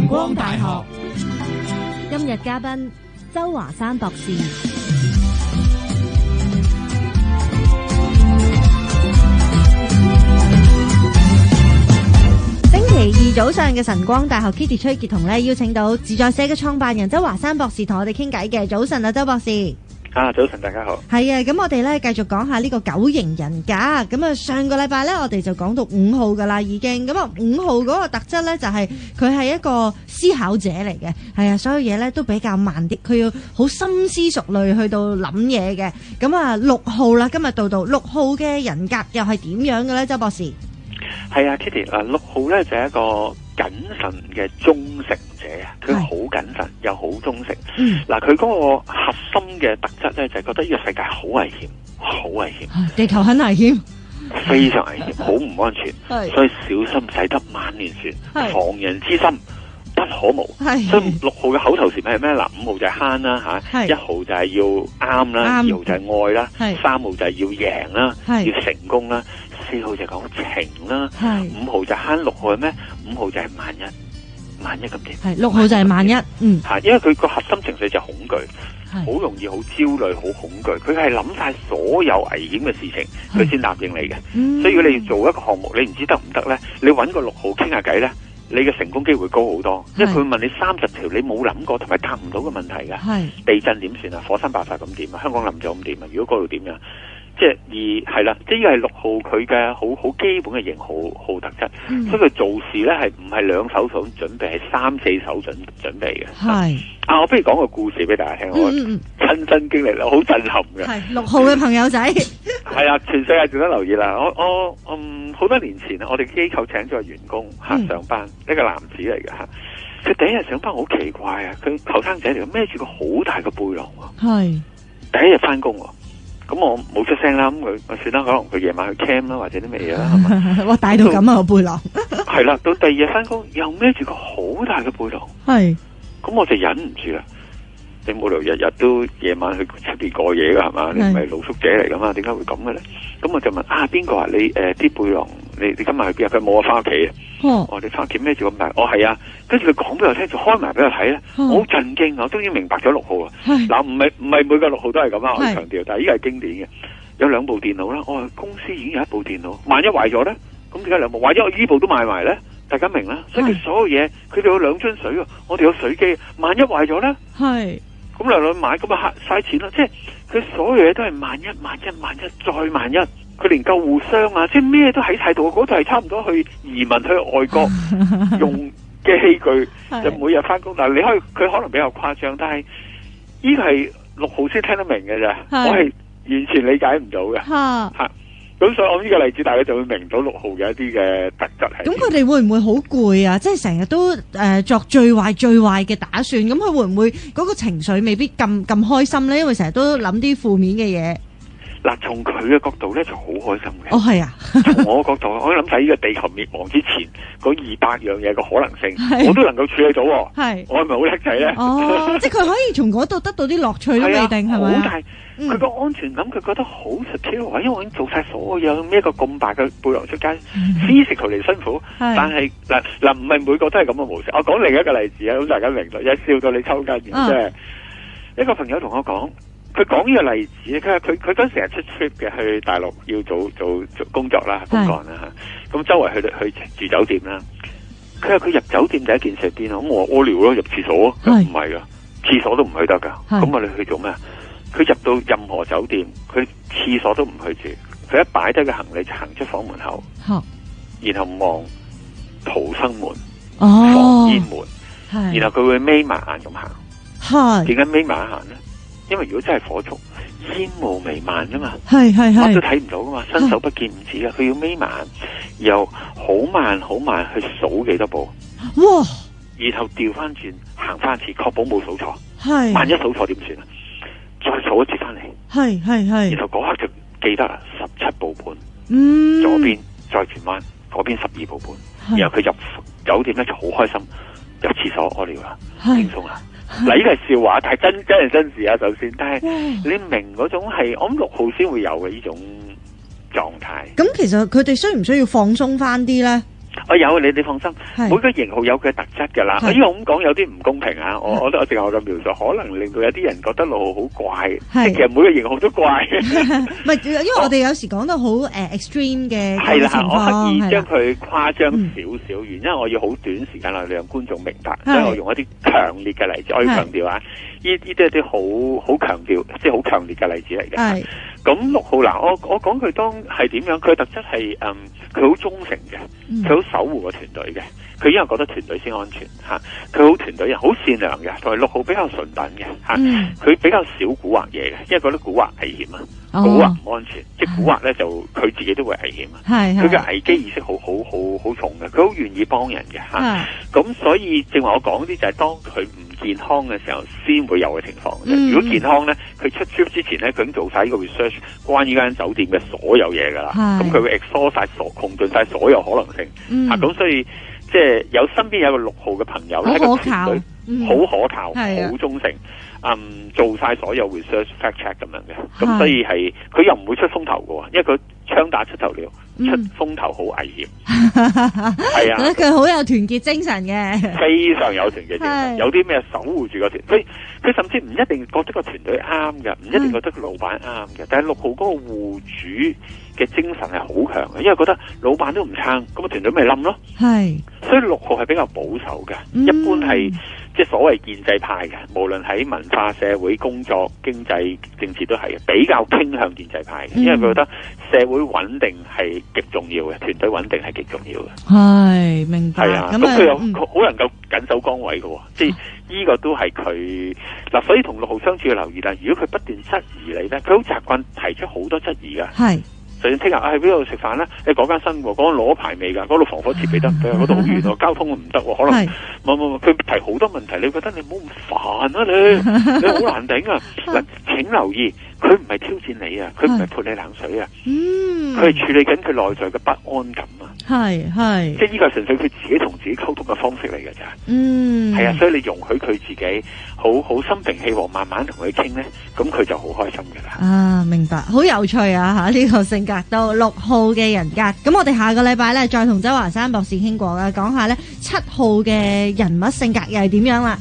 晨光大學今日嘉賓周華山博士。星期二早上嘅晨光大學 Kitty 崔杰同咧邀請到自在社嘅創辦人周華山博士同我哋傾偈嘅。早晨啊，周博士。啊，早晨，大家好。係啊，咁我哋咧繼續講下呢個九型人格。咁啊，上個禮拜咧，我哋就講到五號噶啦，已經。咁啊，五號嗰個特質咧，就係佢係一個思考者嚟嘅。係啊，所有嘢咧都比較慢啲，佢要好深思熟慮去到諗嘢嘅。咁啊，六號啦，今日到到六號嘅人格又係點樣嘅咧？周博士，係啊，Kitty，六號咧就係一個謹慎嘅忠誠。佢好謹慎，又好忠誠。嗱、嗯，佢嗰個核心嘅特質呢，就係、是、覺得呢個世界好危險，好危險。地球很危險，非常危險，好 唔安全。所以小心使得萬年船，防人之心不可無。所以六號嘅口頭禪係咩？嗱，五號就慳啦吓，一號就係要啱啦，二、嗯、號就係愛啦，三號就係要贏啦，要成功啦，四號就講情啦，五號就慳，六號係咩？五號就係萬一。萬一咁點？係六號就係萬一，嗯。係因為佢個核心情緒就恐懼，好容易好焦慮、好恐懼。佢係諗晒所有危險嘅事情，佢先答應你嘅。所以如果你要做一個項目，你唔知得唔得咧，你揾個六號傾下偈咧，你嘅成功機會高好多。因為佢會問你三十條，你冇諗過同埋答唔到嘅問題噶。係地震點算啊？火山爆發咁點啊？香港冧咗咁點啊？如果嗰度點噶？即係二係啦，呢個係六號佢嘅好好基本嘅型號好特質，嗯，所以佢做事咧係唔係兩手手，準備，係三四手準準備嘅。係啊，我不如講個故事俾大家聽，嗯、我親身經歷啦，好震撼嘅。係六號嘅朋友仔，係 啊，全世界記得留意啦。我我嗯好多年前啊，我哋機構請咗個員工吓、嗯、上班，一個男子嚟嘅吓，佢第一日上班好奇怪啊，佢後生仔嚟嘅，孭住個好大個背囊，係第一日翻工。咁我冇出聲啦，咁佢我算啦，可能佢夜晚去 cam 啦，或者啲咩嘢啦，係 大到咁啊，個背囊，係啦， 到第二日翻工，又孭住個好大嘅背囊，係，咁我就忍唔住啦。你冇理由日日都夜晚去出邊過夜噶係嘛？你唔係露宿者嚟噶嘛？點解會咁嘅咧？咁我就問啊，邊個話你誒啲、呃、背囊？你你今日去邊啊？佢冇我翻屋企啊！哦，你我翻屋企孭住咁大？哦，係啊。跟住佢講俾我聽，就開埋俾我睇咧、嗯。我好震驚啊！我終於明白咗六號啊！嗱，唔係唔係每個六號都係咁啊！我強調，但係依個係經典嘅。有兩部電腦啦，我、哦、公司已經有一部電腦，萬一壞咗咧，咁點解兩部，或者我依部都買埋咧，大家明啦。所以佢所有嘢，佢哋有兩樽水嘅，我哋有水機，萬一壞咗咧，係咁嚟嚟買咁啊，慳嘥錢咯。即係佢所有嘢都係萬一，萬一，萬一，再萬一。佢連救護箱啊，即係咩都喺晒度，嗰度係差唔多去移民去外國用嘅器具， 就每日翻工，但你可以佢可能比較誇張，但係呢個係六號先聽得明嘅咋， 我係完全理解唔到嘅吓。咁所以我呢個例子，大家就會明到六號嘅一啲嘅特質係。咁佢哋會唔會好攰啊？即係成日都誒、呃、作最壞最壞嘅打算。咁佢會唔會嗰、嗰個情緒未必咁咁開心咧？因為成日都諗啲負面嘅嘢。嗱，從佢嘅角度咧就好開心嘅。哦，係啊！從 我嘅角度，我諗喺呢個地球滅亡之前，嗰二百樣嘢嘅可能性，我都能夠處理到。係，我係咪好叻仔咧？哦、 即係佢可以從嗰度得到啲樂趣都未定，係咪啊？好大，佢、嗯、個安全感，佢覺得好 secure，因為我已經做晒所有呢一個咁大嘅背囊出街 physical 嚟辛苦，但係嗱嗱，唔係每個都係咁嘅模式。我講另一個例子啊，好大家明白，一笑到你抽筋即係、嗯。一個朋友同我講。佢講呢個例子，佢話佢佢成日出 trip 嘅去大陸，要做做做工作啦，公幹啦吓。咁、嗯、周圍去去住酒店啦，佢話佢入酒店就一件事先咯。咁我屙尿咯，入廁所咯，唔係㗎，廁所都唔去得㗎。咁我哋去做咩啊？佢入到任何酒店，佢廁所都唔去住，佢一擺低個行李就行出房門口，然後望逃生門、防、哦、煙門，然後佢會眯埋眼咁行。係點解眯埋眼行咧？因為如果真係火燭，煙霧彌漫啊嘛，我都睇唔到噶嘛，伸手不見五指啊。佢要眯埋，然後好慢好慢去數幾多步，哇！然後調翻轉行翻次，確保冇數錯。係，萬一數錯點算啊？再數一次翻嚟。係係係。然後嗰刻就記得啦，十七步半，嗯，左邊再轉彎嗰邊十二步半，然後佢入酒店咧就好開心，入廁所屙尿啦，輕鬆啦。嗱，呢個係笑話，但係真真係真事啊！首先，但係你明嗰種係，我諗六號先會有嘅呢種狀態。咁其實佢哋需唔需要放鬆返啲咧？我、哦、有你哋放心，每個型號有佢嘅特質噶啦。因為我咁講有啲唔公平啊！我我我成後我就描述，可能令到有啲人覺得六號好怪，即其實每個型號都怪。唔係， 因為我哋有時講到好誒 extreme 嘅，我刻意將佢誇張少少，原因我要好短時間內，嗯、讓觀眾明白，所以我用一啲強烈嘅例子，我要強調啊！呢啲都係啲好好強調，即係好強烈嘅例子嚟嘅。咁六號嗱，我我講佢當係點樣，佢特質係，嗯，佢好忠誠嘅，佢好守護個團隊嘅，佢因為覺得團隊先安全吓，佢好團隊人，好善良嘅，同埋六號比較純等嘅吓，佢、啊嗯、比較少蠱惑嘢嘅，因為覺得蠱惑危險啊，蠱惑唔安全，哦、即蠱惑咧就佢自己都會危險、哦、啊，係佢嘅危機意識好好好好重嘅，佢好願意幫人嘅吓，咁所以正話我講啲就係當佢唔。健康嘅時候先會有嘅情況，嗯。如果健康呢，佢出 trip 之前呢，佢已經做晒呢個 research，關於呢間酒店嘅所有嘢噶啦。咁佢會 exhaust 晒所窮盡晒所有可能性。咁，嗯啊，所以即係，就是，有身邊有一個六號嘅朋友呢，個好可靠，好可靠，好，嗯，忠誠。嗯，做晒所有 research fact check 咁樣嘅。咁所以係佢又唔會出風頭嘅，因為佢。槍打出頭鳥，出風頭好危險。係啊，佢好有團結精神嘅，非常有團結精神。有啲咩守護住個團，佢佢甚至唔一定覺得個團隊啱嘅，唔一定覺得老闆啱嘅。但係六號嗰個護主嘅精神係好強嘅，因為覺得老闆都唔撐，咁個團隊咪冧咯。係，所以六號係比較保守嘅，一般係即係所謂建制派嘅，無論喺文化、社會、工作、經濟、政治都係，比較傾向建制派嘅，因為佢覺得社會。穩定係極重要嘅，團隊穩定係極重要嘅。係明白。係啊，咁佢又好能夠緊守崗位嘅、哦，即係呢個都係佢嗱。所以同六號相處嘅留意啦。如果佢不斷質疑你咧，佢好習慣提出好多質疑㗎。係，就算聽日啊喺邊度食飯咧？你嗰間新，嗰間攞牌未噶？嗰度防火設備得唔得？嗰度好遠喎，交通唔得喎，可能冇冇冇。佢提好多問題，你覺得你冇咁煩啊？你 你好難頂啊！嗱，請留意。佢唔係挑戰你啊，佢唔係潑你冷水啊，佢係、嗯、處理緊佢內在嘅不安感啊。係係，即係呢個純粹佢自己同自己溝通嘅方式嚟嘅咋。嗯，係啊，所以你容許佢自己好好心平氣和，慢慢同佢傾咧，咁佢就好開心噶啦，啊，明白，好有趣啊吓，呢、啊這個性格到六號嘅人格，咁我哋下個禮拜咧再同周華山博士傾過啦，講下咧七號嘅人物性格又係點樣啦。